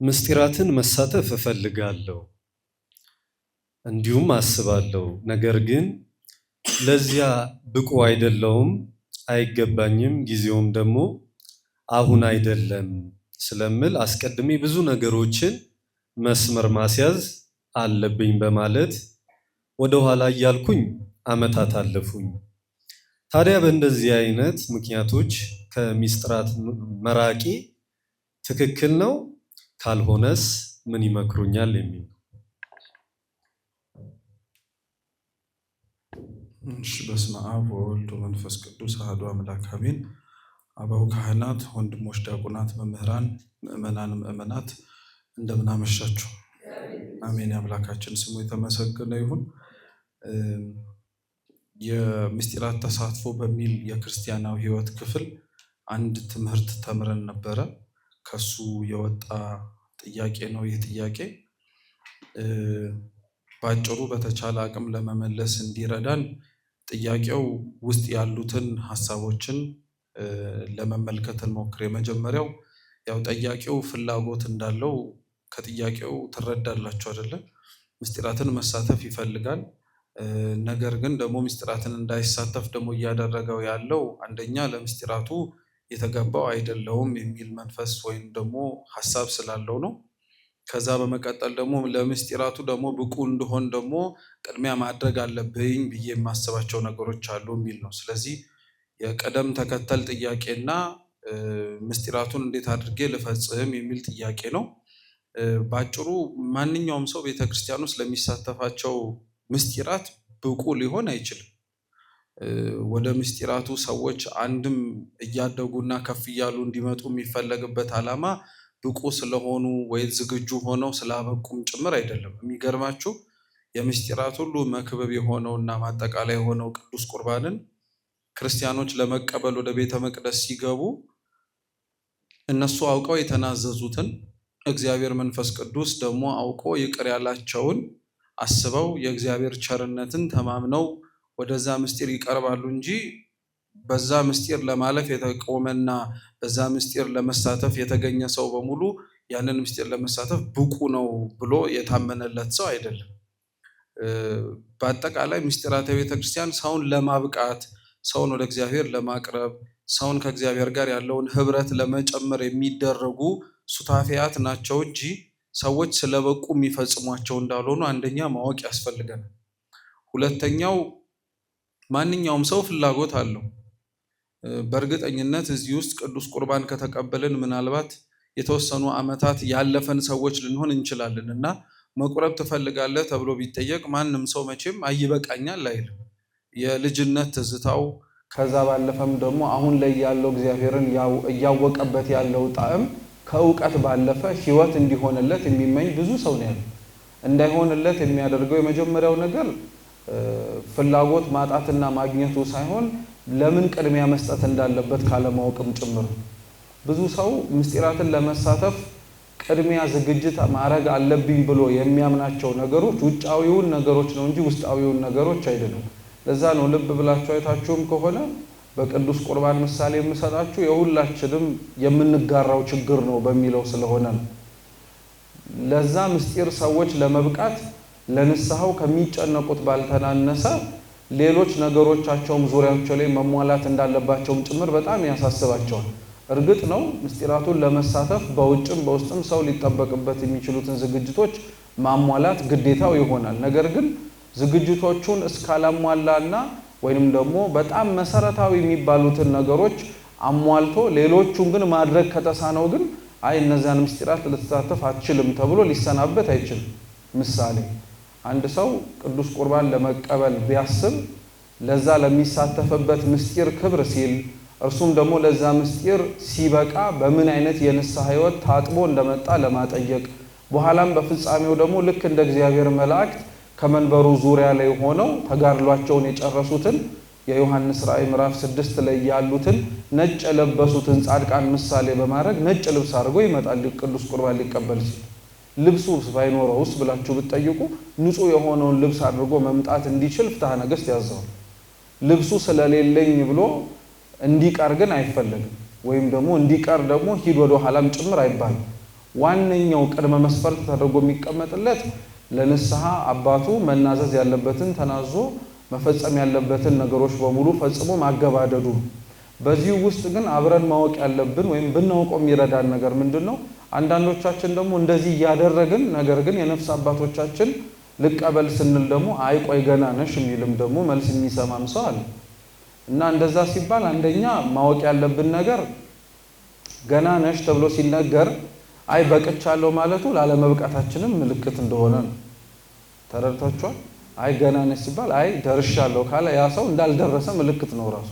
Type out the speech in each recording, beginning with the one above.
ምስጢራትን መሳተፍ እፈልጋለሁ እንዲሁም አስባለሁ። ነገር ግን ለዚያ ብቁ አይደለውም፣ አይገባኝም፣ ጊዜውም ደግሞ አሁን አይደለም ስለምል አስቀድሜ ብዙ ነገሮችን መስመር ማስያዝ አለብኝ በማለት ወደ ኋላ እያልኩኝ አመታት አለፉኝ። ታዲያ በእንደዚህ አይነት ምክንያቶች ከሚስጥራት መራቂ ትክክል ነው? ካልሆነስ ምን ይመክሩኛል የሚል እሺ በስመ አብ ወወልድ ወመንፈስ ቅዱስ አሐዱ አምላክ አሜን። አበው ካህናት፣ ወንድሞች ዲያቆናት፣ መምህራን፣ ምእመናን፣ ምእመናት እንደምን አሜን። አምላካችን ስሙ የተመሰገነ ይሁን። የምስጢራት ተሳትፎ በሚል የክርስቲያናዊ ሕይወት ክፍል አንድ ትምህርት ተምረን ነበረ። ከሱ የወጣ ጥያቄ ነው። ይህ ጥያቄ በአጭሩ በተቻለ አቅም ለመመለስ እንዲረዳን ጥያቄው ውስጥ ያሉትን ሀሳቦችን ለመመልከት እንሞክር። የመጀመሪያው ያው ጠያቂው ፍላጎት እንዳለው ከጥያቄው ትረዳላችሁ አይደለ? ምስጢራትን መሳተፍ ይፈልጋል። ነገር ግን ደግሞ ምስጢራትን እንዳይሳተፍ ደግሞ እያደረገው ያለው አንደኛ ለምስጢራቱ የተገባው አይደለውም የሚል መንፈስ ወይም ደግሞ ሀሳብ ስላለው ነው። ከዛ በመቀጠል ደግሞ ለምስጢራቱ ደግሞ ብቁ እንደሆን ደግሞ ቅድሚያ ማድረግ አለብኝ ብዬ የማስባቸው ነገሮች አሉ የሚል ነው። ስለዚህ የቅደም ተከተል ጥያቄና ምስጢራቱን እንዴት አድርጌ ልፈጽም የሚል ጥያቄ ነው። በአጭሩ ማንኛውም ሰው ቤተ ክርስቲያን ውስጥ ለሚሳተፋቸው ምስጢራት ብቁ ሊሆን አይችልም። ወደ ምስጢራቱ ሰዎች አንድም እያደጉና ከፍ እያሉ እንዲመጡ የሚፈለግበት ዓላማ ብቁ ስለሆኑ ወይ ዝግጁ ሆነው ስላበቁም ጭምር አይደለም። የሚገርማችሁ የምስጢራት ሁሉ መክበብ እና ማጠቃላይ የሆነው ቅዱስ ቁርባንን ክርስቲያኖች ለመቀበል ወደ ቤተ መቅደስ ሲገቡ እነሱ አውቀው የተናዘዙትን እግዚአብሔር መንፈስ ቅዱስ ደግሞ አውቆ ይቅር ያላቸውን አስበው የእግዚአብሔር ቸርነትን ተማምነው ወደዛ ምስጢር ይቀርባሉ እንጂ በዛ ምስጢር ለማለፍ የተቆመና በዛ ምስጢር ለመሳተፍ የተገኘ ሰው በሙሉ ያንን ምስጢር ለመሳተፍ ብቁ ነው ብሎ የታመነለት ሰው አይደለም። በአጠቃላይ ምስጢራተ ቤተክርስቲያን ሰውን ለማብቃት፣ ሰውን ወደ እግዚአብሔር ለማቅረብ፣ ሰውን ከእግዚአብሔር ጋር ያለውን ህብረት ለመጨመር የሚደረጉ ሱታፊያት ናቸው እንጂ ሰዎች ስለበቁ የሚፈጽሟቸው እንዳልሆኑ አንደኛ ማወቅ ያስፈልገናል። ሁለተኛው ማንኛውም ሰው ፍላጎት አለው። በእርግጠኝነት እዚህ ውስጥ ቅዱስ ቁርባን ከተቀበልን ምናልባት የተወሰኑ ዓመታት ያለፈን ሰዎች ልንሆን እንችላለን እና መቁረብ ትፈልጋለህ ተብሎ ቢጠየቅ ማንም ሰው መቼም አይበቃኛል አይልም። የልጅነት ትዝታው ከዛ ባለፈም ደግሞ አሁን ላይ ያለው እግዚአብሔርን እያወቀበት ያለው ጣዕም ከእውቀት ባለፈ ህይወት እንዲሆንለት የሚመኝ ብዙ ሰው ነው ያለው። እንዳይሆንለት የሚያደርገው የመጀመሪያው ነገር ፍላጎት ማጣትና ማግኘቱ ሳይሆን ለምን ቅድሚያ መስጠት እንዳለበት ካለማወቅም ጭምር። ብዙ ሰው ምስጢራትን ለመሳተፍ ቅድሚያ ዝግጅት ማድረግ አለብኝ ብሎ የሚያምናቸው ነገሮች ውጫዊውን ነገሮች ነው እንጂ ውስጣዊውን ነገሮች አይደለም። ለዛ ነው ልብ ብላችሁ አይታችሁም ከሆነ በቅዱስ ቁርባን ምሳሌ የምሰጣችሁ የሁላችንም የምንጋራው ችግር ነው በሚለው ስለሆነ ነው። ለዛ ምስጢር ሰዎች ለመብቃት ለንስሐው ከሚጨነቁት ባልተናነሰ ሌሎች ነገሮቻቸውም ዙሪያቸው ላይ መሟላት እንዳለባቸውም ጭምር በጣም ያሳስባቸዋል። እርግጥ ነው ምስጢራቱን ለመሳተፍ በውጭም በውስጥም ሰው ሊጠበቅበት የሚችሉትን ዝግጅቶች ማሟላት ግዴታው ይሆናል። ነገር ግን ዝግጅቶቹን እስካላሟላና ወይንም ደግሞ በጣም መሰረታዊ የሚባሉትን ነገሮች አሟልቶ ሌሎቹን ግን ማድረግ ከተሳነው ግን አይ እነዚያን ምስጢራት ልትሳተፍ አትችልም ተብሎ ሊሰናበት አይችልም። ምሳሌ አንድ ሰው ቅዱስ ቁርባን ለመቀበል ቢያስብ ለዛ ለሚሳተፍበት ምስጢር ክብር ሲል እርሱም ደግሞ ለዛ ምስጢር ሲበቃ በምን አይነት የንስሐ ሕይወት ታጥቦ እንደመጣ ለማጠየቅ በኋላም በፍጻሜው ደግሞ ልክ እንደ እግዚአብሔር መላእክት ከመንበሩ ዙሪያ ላይ ሆነው ተጋድሏቸውን የጨረሱትን የዮሐንስ ራእይ ምዕራፍ ስድስት ላይ ያሉትን ነጭ የለበሱትን ጻድቃን ምሳሌ በማድረግ ነጭ ልብስ አድርጎ ይመጣል ቅዱስ ቁርባን ሊቀበል ሲል ልብሱ ባይኖረው ውስጥ ብላችሁ ብትጠይቁ ንጹህ የሆነውን ልብስ አድርጎ መምጣት እንዲችል ፍትሐ ነገሥት ያዘዋል። ልብሱ ስለሌለኝ ብሎ እንዲቀር ግን አይፈለግም። ወይም ደግሞ እንዲቀር ደግሞ ሂድ ወደ ኋላም ጭምር አይባልም። ዋነኛው ቅድመ መስፈርት ተደርጎ የሚቀመጥለት ለንስሐ አባቱ መናዘዝ ያለበትን ተናዞ መፈጸም ያለበትን ነገሮች በሙሉ ፈጽሞ ማገባደዱ። በዚህ ውስጥ ግን አብረን ማወቅ ያለብን ወይም ብናውቀው የሚረዳን ነገር ምንድን ነው? አንዳንዶቻችን ደግሞ እንደዚህ እያደረግን ነገር ግን የነፍስ አባቶቻችን ልቀበል ስንል ደግሞ አይ ቆይ ገና ነሽ የሚልም ደግሞ መልስ የሚሰማም ሰው አለ። እና እንደዛ ሲባል አንደኛ ማወቅ ያለብን ነገር ገና ነሽ ተብሎ ሲነገር አይ በቅቻለሁ ማለቱ ላለመብቃታችንም ምልክት እንደሆነ ነው። ተረድታችኋል? አይ ገና ነህ ሲባል አይ ደርሻለሁ ካለ ያ ሰው እንዳልደረሰ ምልክት ነው ራሱ።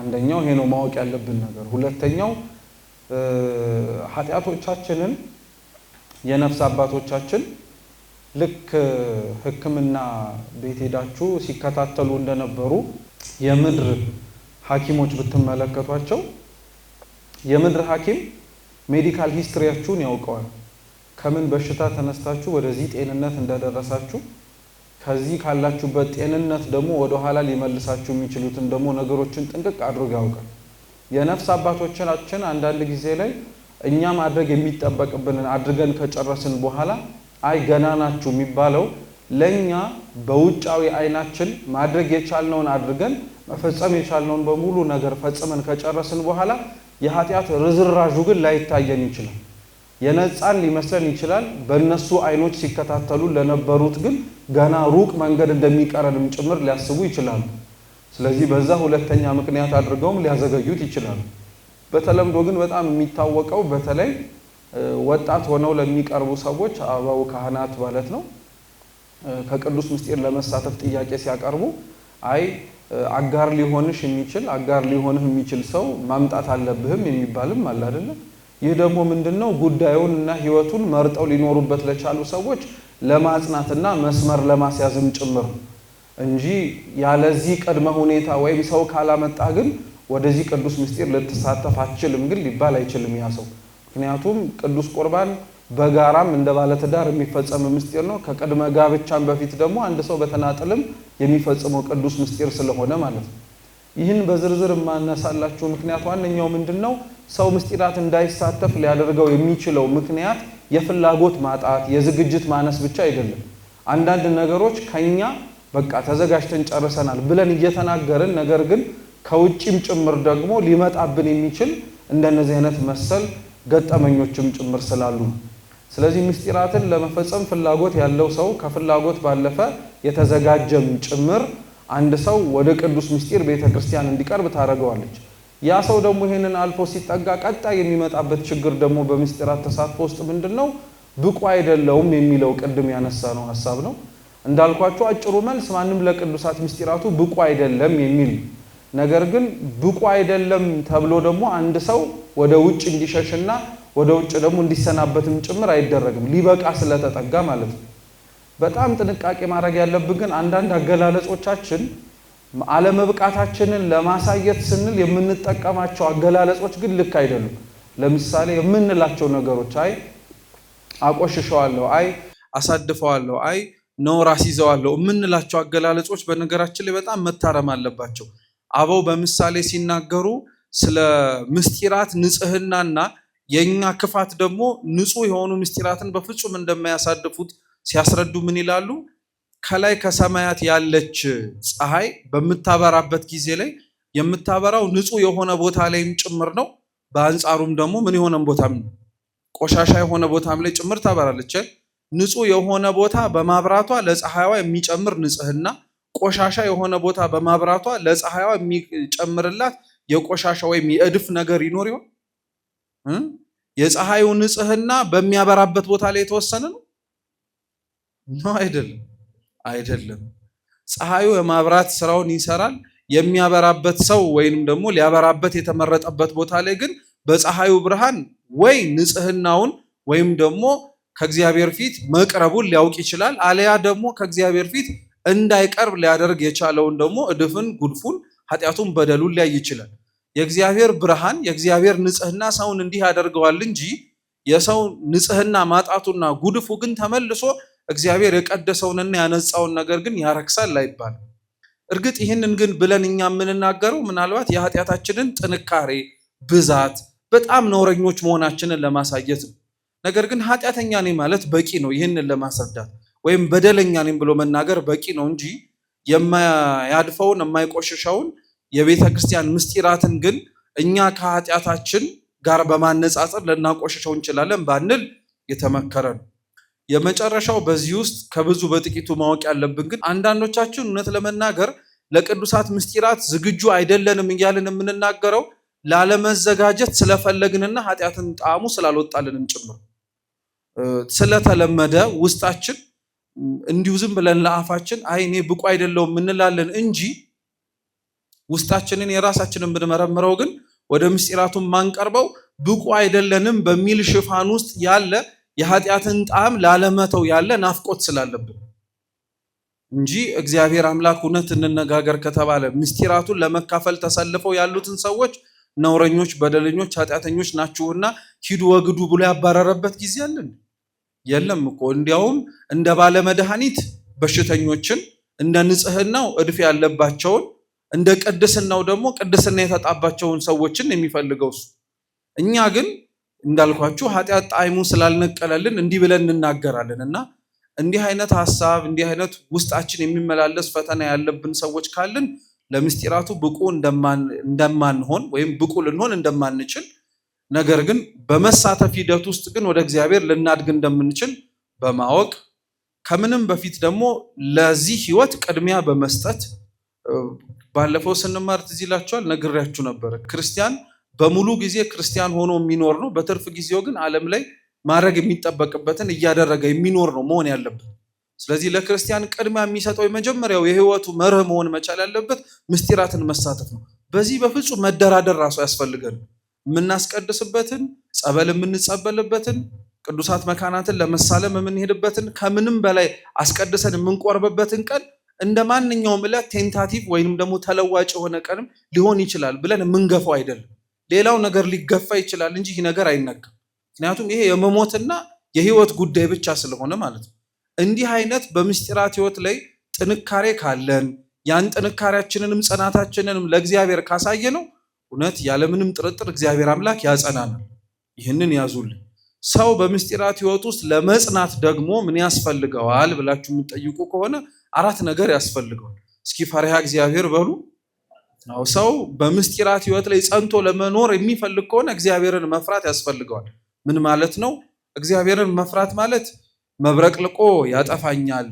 አንደኛው ይሄ ነው ማወቅ ያለብን ነገር። ሁለተኛው ኃጢአቶቻችንን የነፍስ አባቶቻችን ልክ ሕክምና ቤት ሄዳችሁ ሲከታተሉ እንደነበሩ የምድር ሐኪሞች ብትመለከቷቸው የምድር ሐኪም ሜዲካል ሂስትሪያችሁን ያውቀዋል። ከምን በሽታ ተነስታችሁ ወደዚህ ጤንነት እንደደረሳችሁ ከዚህ ካላችሁበት ጤንነት ደግሞ ወደ ኋላ ሊመልሳችሁ የሚችሉትን ደግሞ ነገሮችን ጥንቅቅ አድርጎ ያውቃል። የነፍስ አባቶቻችን አንዳንድ ጊዜ ላይ እኛ ማድረግ የሚጠበቅብንን አድርገን ከጨረስን በኋላ አይ ገና ናችሁ የሚባለው ለእኛ በውጫዊ አይናችን ማድረግ የቻልነውን አድርገን መፈጸም የቻልነውን በሙሉ ነገር ፈጽመን ከጨረስን በኋላ የኃጢአት ርዝራዡ ግን ላይታየን ይችላል። የነፃን ሊመስለን ይችላል። በእነሱ አይኖች ሲከታተሉ ለነበሩት ግን ገና ሩቅ መንገድ እንደሚቀረንም ጭምር ሊያስቡ ይችላሉ። ስለዚህ በዛ ሁለተኛ ምክንያት አድርገውም ሊያዘገዩት ይችላሉ። በተለምዶ ግን በጣም የሚታወቀው በተለይ ወጣት ሆነው ለሚቀርቡ ሰዎች አበው ካህናት ማለት ነው ከቅዱስ ምስጢር ለመሳተፍ ጥያቄ ሲያቀርቡ አይ አጋር ሊሆንሽ የሚችል አጋር ሊሆንህ የሚችል ሰው ማምጣት አለብህም የሚባልም አለ አይደለም። ይህ ደግሞ ምንድን ነው ጉዳዩን እና ህይወቱን መርጠው ሊኖሩበት ለቻሉ ሰዎች ለማጽናትና መስመር ለማስያዝም ጭምር እንጂ ያለዚህ ቅድመ ሁኔታ ወይም ሰው ካላመጣ ግን ወደዚህ ቅዱስ ምስጢር ልትሳተፍ አትችልም ግን ሊባል አይችልም ያ ሰው ምክንያቱም ቅዱስ ቁርባን በጋራም እንደ ባለትዳር የሚፈጸም ምስጢር ነው። ከቅድመ ጋብቻን በፊት ደግሞ አንድ ሰው በተናጠልም የሚፈጽመው ቅዱስ ምስጢር ስለሆነ ማለት ነው። ይህን በዝርዝር የማነሳላችሁ ምክንያት ዋነኛው ምንድን ነው? ሰው ምስጢራት እንዳይሳተፍ ሊያደርገው የሚችለው ምክንያት የፍላጎት ማጣት፣ የዝግጅት ማነስ ብቻ አይደለም። አንዳንድ ነገሮች ከኛ በቃ ተዘጋጅተን ጨርሰናል ብለን እየተናገርን ነገር ግን ከውጭም ጭምር ደግሞ ሊመጣብን የሚችል እንደነዚህ አይነት መሰል ገጠመኞችም ጭምር ስላሉ ነው። ስለዚህ ምስጢራትን ለመፈጸም ፍላጎት ያለው ሰው ከፍላጎት ባለፈ የተዘጋጀም ጭምር አንድ ሰው ወደ ቅዱስ ምስጢር ቤተ ክርስቲያን እንዲቀርብ ታደርገዋለች። ያ ሰው ደግሞ ይህንን አልፎ ሲጠጋ ቀጣይ የሚመጣበት ችግር ደግሞ በምስጢራት ተሳትፎ ውስጥ ምንድን ነው? ብቁ አይደለውም የሚለው ቅድም ያነሳ ነው ሀሳብ ነው። እንዳልኳቸው አጭሩ መልስ ማንም ለቅዱሳት ምስጢራቱ ብቁ አይደለም የሚል ነገር ግን ብቁ አይደለም ተብሎ ደግሞ አንድ ሰው ወደ ውጭ እንዲሸሽና ወደ ውጭ ደግሞ እንዲሰናበትም ጭምር አይደረግም። ሊበቃ ስለተጠጋ ማለት ነው። በጣም ጥንቃቄ ማድረግ ያለብን ግን አንዳንድ አገላለጾቻችን አለመብቃታችንን ለማሳየት ስንል የምንጠቀማቸው አገላለጾች ግን ልክ አይደሉም። ለምሳሌ የምንላቸው ነገሮች አይ አቆሽሸዋለሁ፣ አይ አሳድፈዋለሁ፣ አይ ነው ራስ ይዘዋለሁ የምንላቸው አገላለጾች በነገራችን ላይ በጣም መታረም አለባቸው። አበው በምሳሌ ሲናገሩ ስለ ምስጢራት ንጽህናና የእኛ ክፋት ደግሞ ንጹህ የሆኑ ምስጢራትን በፍጹም እንደማያሳድፉት ሲያስረዱ ምን ይላሉ? ከላይ ከሰማያት ያለች ፀሐይ በምታበራበት ጊዜ ላይ የምታበራው ንጹህ የሆነ ቦታ ላይም ጭምር ነው። በአንጻሩም ደግሞ ምን የሆነም ቦታም ቆሻሻ የሆነ ቦታም ላይ ጭምር ታበራለች። ንጹህ የሆነ ቦታ በማብራቷ ለፀሐይዋ የሚጨምር ንጽህና፣ ቆሻሻ የሆነ ቦታ በማብራቷ ለፀሐይዋ የሚጨምርላት የቆሻሻ ወይም የእድፍ ነገር ይኖር ይሆን? የፀሐዩ ንጽህና በሚያበራበት ቦታ ላይ የተወሰነ ነው ነው? አይደለም፣ አይደለም። ፀሐዩ የማብራት ስራውን ይሰራል። የሚያበራበት ሰው ወይንም ደግሞ ሊያበራበት የተመረጠበት ቦታ ላይ ግን በፀሐዩ ብርሃን ወይ ንጽህናውን ወይም ደግሞ ከእግዚአብሔር ፊት መቅረቡን ሊያውቅ ይችላል። አለያ ደግሞ ከእግዚአብሔር ፊት እንዳይቀርብ ሊያደርግ የቻለውን ደግሞ እድፍን፣ ጉድፉን፣ ኃጢአቱን፣ በደሉን ሊያይ ይችላል። የእግዚአብሔር ብርሃን የእግዚአብሔር ንጽህና ሰውን እንዲህ ያደርገዋል እንጂ የሰው ንጽህና ማጣቱና ጉድፉ ግን ተመልሶ እግዚአብሔር የቀደሰውንና ያነጻውን ነገር ግን ያረክሳል አይባልም። እርግጥ ይህንን ግን ብለን እኛ የምንናገረው ምናልባት የኃጢአታችንን ጥንካሬ ብዛት፣ በጣም ነውረኞች መሆናችንን ለማሳየት ነው። ነገር ግን ኃጢአተኛ ነኝ ማለት በቂ ነው ይህንን ለማስረዳት ወይም በደለኛ ነኝ ብሎ መናገር በቂ ነው እንጂ የማያድፈውን የማይቆሽሸውን የቤተ ክርስቲያን ምስጢራትን ግን እኛ ከኃጢአታችን ጋር በማነጻጸር ልናቆሽሸው እንችላለን ባንል የተመከረ ነው። የመጨረሻው በዚህ ውስጥ ከብዙ በጥቂቱ ማወቅ ያለብን ግን አንዳንዶቻችን እውነት ለመናገር ለቅዱሳት ምስጢራት ዝግጁ አይደለንም እያልን የምንናገረው ላለመዘጋጀት ስለፈለግንና ኃጢአትን ጣዕሙ ስላልወጣልንም ጭምር ስለተለመደ ውስጣችን እንዲሁ ዝም ብለን ለአፋችን አይ እኔ ብቁ አይደለውም እንላለን እንጂ ውስጣችንን የራሳችንን ብንመረምረው ግን ወደ ምስጢራቱን ማንቀርበው ብቁ አይደለንም በሚል ሽፋን ውስጥ ያለ የኃጢአትን ጣዕም ላለመተው ያለ ናፍቆት ስላለብን እንጂ እግዚአብሔር አምላክ እውነት እንነጋገር ከተባለ ምስጢራቱን ለመካፈል ተሰልፈው ያሉትን ሰዎች ነውረኞች፣ በደለኞች፣ ኃጢአተኞች ናችሁና ሂዱ ወግዱ ብሎ ያባረረበት ጊዜ አለን? የለም እኮ እንዲያውም እንደ ባለመድኃኒት በሽተኞችን እንደ ንጽህናው እድፍ ያለባቸውን እንደ ቅድስናው ደግሞ ቅድስና የተጣባቸውን ሰዎችን የሚፈልገው እሱ። እኛ ግን እንዳልኳችሁ ኃጢአት ጣዕሙ ስላልነቀለልን እንዲህ ብለን እንናገራለን እና እንዲህ አይነት ሀሳብ እንዲህ አይነት ውስጣችን የሚመላለስ ፈተና ያለብን ሰዎች ካልን ለምስጢራቱ ብቁ እንደማንሆን ወይም ብቁ ልንሆን እንደማንችል ነገር ግን በመሳተፍ ሂደት ውስጥ ግን ወደ እግዚአብሔር ልናድግ እንደምንችል በማወቅ ከምንም በፊት ደግሞ ለዚህ ህይወት ቅድሚያ በመስጠት ባለፈው ስንማር ትዝ ይላችኋል፣ ነግሬያችሁ ነበረ። ክርስቲያን በሙሉ ጊዜ ክርስቲያን ሆኖ የሚኖር ነው። በትርፍ ጊዜው ግን ዓለም ላይ ማድረግ የሚጠበቅበትን እያደረገ የሚኖር ነው መሆን ያለበት። ስለዚህ ለክርስቲያን ቅድሚያ የሚሰጠው የመጀመሪያው የህይወቱ መርህ መሆን መቻል ያለበት ምስጢራትን መሳተፍ ነው። በዚህ በፍጹም መደራደር ራሱ ያስፈልገን። የምናስቀድስበትን ጸበል የምንጸበልበትን ቅዱሳት መካናትን ለመሳለም የምንሄድበትን ከምንም በላይ አስቀድሰን የምንቆርብበትን ቀን እንደ ማንኛውም ዕለት ቴንታቲቭ ወይም ደግሞ ተለዋጭ የሆነ ቀንም ሊሆን ይችላል ብለን የምንገፋው አይደለም። ሌላው ነገር ሊገፋ ይችላል እንጂ ይህ ነገር አይነገም። ምክንያቱም ይሄ የመሞትና የህይወት ጉዳይ ብቻ ስለሆነ ማለት ነው። እንዲህ አይነት በምስጢራት ህይወት ላይ ጥንካሬ ካለን ያን ጥንካሬያችንንም ጽናታችንንም ለእግዚአብሔር ካሳየ ነው እውነት ያለምንም ጥርጥር እግዚአብሔር አምላክ ያጸናናል። ይህንን ያዙልን። ሰው በምስጢራት ህይወት ውስጥ ለመጽናት ደግሞ ምን ያስፈልገዋል ብላችሁ የምትጠይቁ ከሆነ አራት ነገር ያስፈልገዋል። እስኪ ፈሪሃ እግዚአብሔር በሉ። ሰው በምስጢራት ህይወት ላይ ጸንቶ ለመኖር የሚፈልግ ከሆነ እግዚአብሔርን መፍራት ያስፈልገዋል። ምን ማለት ነው? እግዚአብሔርን መፍራት ማለት መብረቅ ልቆ ያጠፋኛል፣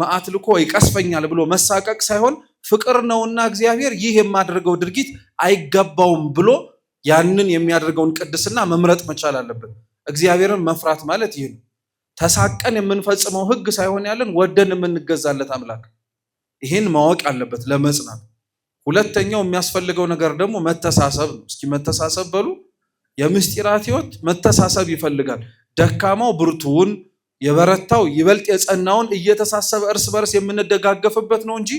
መዓት ልቆ ይቀስፈኛል ብሎ መሳቀቅ ሳይሆን ፍቅር ነውና እግዚአብሔር ይህ የማደርገው ድርጊት አይገባውም ብሎ ያንን የሚያደርገውን ቅድስና መምረጥ መቻል አለብን። እግዚአብሔርን መፍራት ማለት ይህ ነው። ተሳቀን የምንፈጽመው ህግ ሳይሆን ያለን ወደን የምንገዛለት አምላክ። ይህን ማወቅ አለበት ለመጽናት። ሁለተኛው የሚያስፈልገው ነገር ደግሞ መተሳሰብ ነው። እስኪ መተሳሰብ በሉ። የምስጢራት ህይወት መተሳሰብ ይፈልጋል። ደካማው ብርቱውን፣ የበረታው ይበልጥ የጸናውን እየተሳሰበ እርስ በርስ የምንደጋገፍበት ነው እንጂ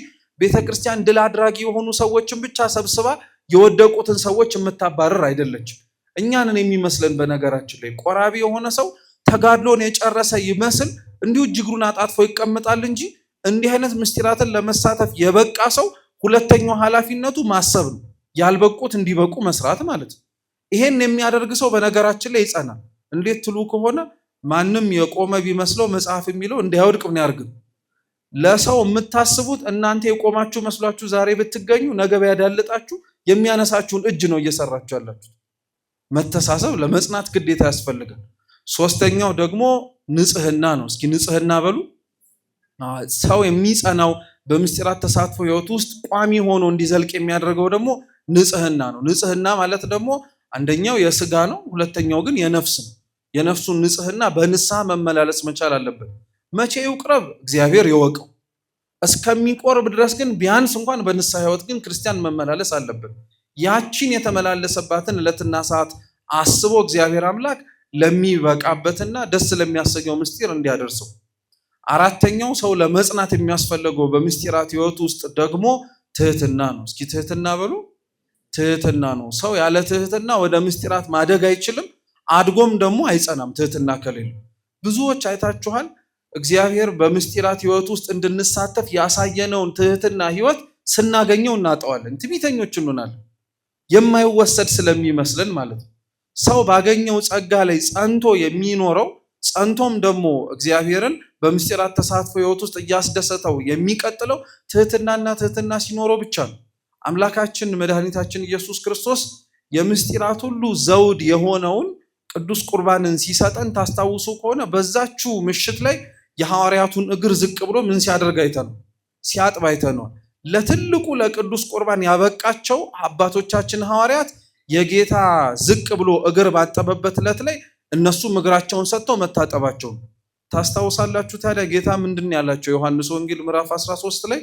ቤተ ክርስቲያን ድል አድራጊ የሆኑ ሰዎችን ብቻ ሰብስባ የወደቁትን ሰዎች የምታባረር አይደለችም። እኛንን የሚመስለን በነገራችን ላይ ቆራቢ የሆነ ሰው ተጋድሎን የጨረሰ ይመስል እንዲሁ እጅግሩን አጣጥፎ ይቀመጣል እንጂ እንዲህ አይነት ምስጢራትን ለመሳተፍ የበቃ ሰው ሁለተኛው ኃላፊነቱ ማሰብ ነው። ያልበቁት እንዲበቁ መስራት ማለት ነው። ይሄን የሚያደርግ ሰው በነገራችን ላይ ይጸናል። እንዴት ትሉ ከሆነ ማንም የቆመ ቢመስለው መጽሐፍ የሚለው እንዳያወድቅ ምን ያርግም። ለሰው የምታስቡት እናንተ የቆማችሁ መስሏችሁ ዛሬ ብትገኙ ነገ ቢያዳልጣችሁ የሚያነሳችሁን እጅ ነው እየሰራችሁ ያላችሁ። መተሳሰብ ለመጽናት ግዴታ ያስፈልጋል። ሶስተኛው ደግሞ ንጽህና ነው። እስኪ ንጽህና በሉ። ሰው የሚጸናው በምስጢራት ተሳትፎ ህይወት ውስጥ ቋሚ ሆኖ እንዲዘልቅ የሚያደርገው ደግሞ ንጽህና ነው። ንጽህና ማለት ደግሞ አንደኛው የስጋ ነው፣ ሁለተኛው ግን የነፍስ ነው። የነፍሱን ንጽህና በንስሐ መመላለስ መቻል አለበት። መቼ ይውቅረብ? እግዚአብሔር ይወቀው። እስከሚቆርብ ድረስ ግን ቢያንስ እንኳን በንስሐ ህይወት ግን ክርስቲያን መመላለስ አለብን። ያችን የተመላለሰባትን ዕለትና ሰዓት አስቦ እግዚአብሔር አምላክ ለሚበቃበትና ደስ ለሚያሰኘው ምስጢር እንዲያደርሰው። አራተኛው ሰው ለመጽናት የሚያስፈልገው በምስጢራት ህይወት ውስጥ ደግሞ ትህትና ነው። እስኪ ትህትና በሉ። ትህትና ነው። ሰው ያለ ትህትና ወደ ምስጢራት ማደግ አይችልም፣ አድጎም ደግሞ አይጸናም። ትህትና ከሌለ ብዙዎች አይታችኋል። እግዚአብሔር በምስጢራት ህይወት ውስጥ እንድንሳተፍ ያሳየነውን ትህትና ህይወት ስናገኘው እናጠዋለን፣ ትዕቢተኞች እንሆናለን፣ የማይወሰድ ስለሚመስለን ማለት ነው። ሰው ባገኘው ጸጋ ላይ ጸንቶ የሚኖረው ጸንቶም ደግሞ እግዚአብሔርን በምስጢራት ተሳትፎ ህይወት ውስጥ እያስደሰተው የሚቀጥለው ትህትናና ትህትና ሲኖረው ብቻ ነው። አምላካችን መድኃኒታችን ኢየሱስ ክርስቶስ የምስጢራት ሁሉ ዘውድ የሆነውን ቅዱስ ቁርባንን ሲሰጠን ታስታውሱ ከሆነ በዛችው ምሽት ላይ የሐዋርያቱን እግር ዝቅ ብሎ ምን ሲያደርግ አይተነዋል? ሲያጥብ አይተነዋል። ለትልቁ ለቅዱስ ቁርባን ያበቃቸው አባቶቻችን ሐዋርያት የጌታ ዝቅ ብሎ እግር ባጠበበት ዕለት ላይ እነሱም እግራቸውን ሰጥተው መታጠባቸው ታስታውሳላችሁ። ታዲያ ጌታ ምንድን ያላቸው ዮሐንስ ወንጌል ምዕራፍ 13 ላይ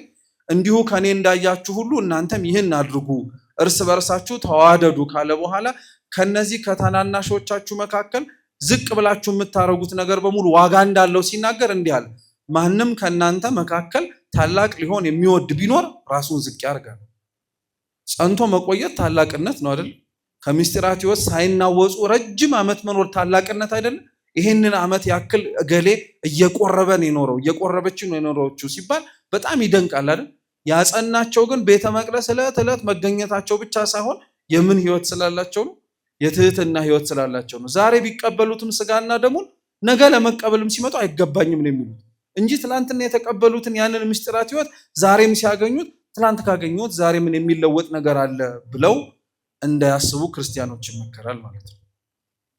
እንዲሁ ከኔ እንዳያችሁ ሁሉ እናንተም ይህን አድርጉ እርስ በርሳችሁ ተዋደዱ ካለ በኋላ ከነዚህ ከታናናሾቻችሁ መካከል ዝቅ ብላችሁ የምታደርጉት ነገር በሙሉ ዋጋ እንዳለው ሲናገር እንዲህ አለ፣ ማንም ከእናንተ መካከል ታላቅ ሊሆን የሚወድ ቢኖር ራሱን ዝቅ ያርጋል። ጸንቶ መቆየት ታላቅነት ነው አይደል? ከምስጢራት ሕይወት ሳይናወጹ ረጅም ዓመት መኖር ታላቅነት አይደለም? ይህንን ዓመት ያክል እገሌ እየቆረበ ነው የኖረው እየቆረበች ነው የኖረችው ሲባል በጣም ይደንቃል አይደል? ያጸናቸው ግን ቤተ መቅደስ ዕለት ዕለት መገኘታቸው ብቻ ሳይሆን የምን ሕይወት ስላላቸው ነው? የትህትና ሕይወት ስላላቸው ነው። ዛሬ ቢቀበሉትም ስጋና ደሙን ነገ ለመቀበልም ሲመጡ አይገባኝም ነው የሚሉት እንጂ ትላንትና የተቀበሉትን ያንን ምስጢራት ሕይወት ዛሬም ሲያገኙት ትላንት ካገኘሁት ዛሬ ምን የሚለወጥ ነገር አለ ብለው እንዳያስቡ ክርስቲያኖች ይመከራል ማለት ነው።